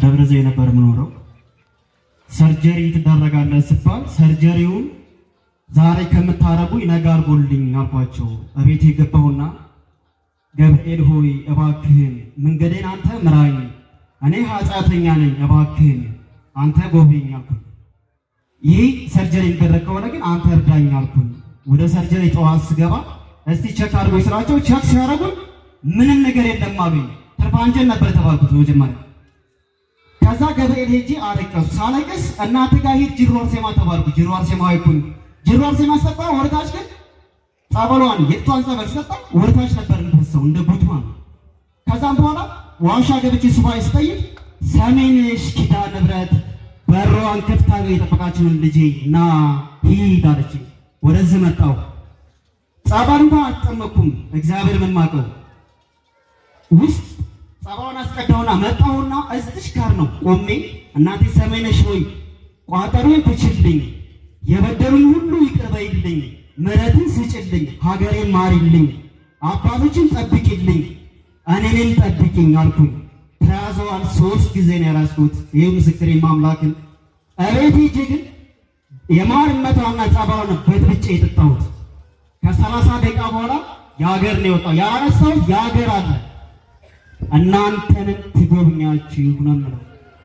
ደብረ ዘይት ነበር የምኖረው። ሰርጀሪ ትደረጋለህ ስባል ሰርጀሪውን ዛሬ ከምታረጉኝ ነገ አድርጎልኝ አልኳቸው። እቤት የገባሁና ገብርኤል ሆይ እባክህን መንገዴን አንተ ምራኝ፣ እኔ ኃጢአተኛ ነኝ፣ እባክህን አንተ ጎብኝ አልኩኝ። ይህ ሰርጀሪ የሚደረግ ከሆነ ግን አንተ እርዳኝ አልኩኝ። ወደ ሰርጀሪ ጠዋት ስገባ እስቲ ቸክ አድርጎ ስላቸው ቸክ ሲያደርጉኝ ምንም ነገር የለም አሉኝ። ተርፋንጀን ነበር የተባልኩት መጀመሪያ ከዛ ገብርኤል ሄጄ አለቀሱ። ሳለቅስ እናት ጋር ሂድ ጅሩ አርሴማ ተባልኩ። ጅሩ አርሴማ አይኩኝ ጅሩ አርሴማ ሰጣ። ወደታች ግን ጸበሏን የጥቷን ጸበል ሰጣ። ወደታች ነበር እንደሰው እንደ ጉትማ ነው። ከዛም በኋላ ዋሻ ገብቼ ሱባኤ ስጠይቅ ሰሜንሽ ኪዳነ ምሕረት በሯን ከፍታ ነው የጠበቃችሁን ልጄ ና ሂድ አለች። ወደዚህ መጣሁ። ጸበል እንኳን አልጠመኩም። እግዚአብሔር ምን ማቀው ውስጥ ሰባውን አስቀዳውና መጣሁና እዚች ጋር ነው ቆሜ፣ እናቴ ሰሜነሽ ሆይ ቋጠሮን ትችልኝ፣ የበደሉኝ ሁሉ ይቅር በይልኝ፣ ምሕረትን ስጭልኝ፣ ሀገሬን ማሪልኝ፣ አባቶችን ጠብቂልኝ፣ እኔንም ጠብቂኝ አልኩኝ። ተያዘዋል። ሶስት ጊዜ ነው ያራስኩት። ይህ ምስክሬ ማምላክን እቤት ሂጅ ግን የማር ጸባውን በጥብጬ የጠጣሁት ከሰላሳ ደቂቃ በኋላ የሀገር ነው የወጣው። ያረሳሁት የሀገር አለ እናንተን ትጎብኛችሁ ነው የምለው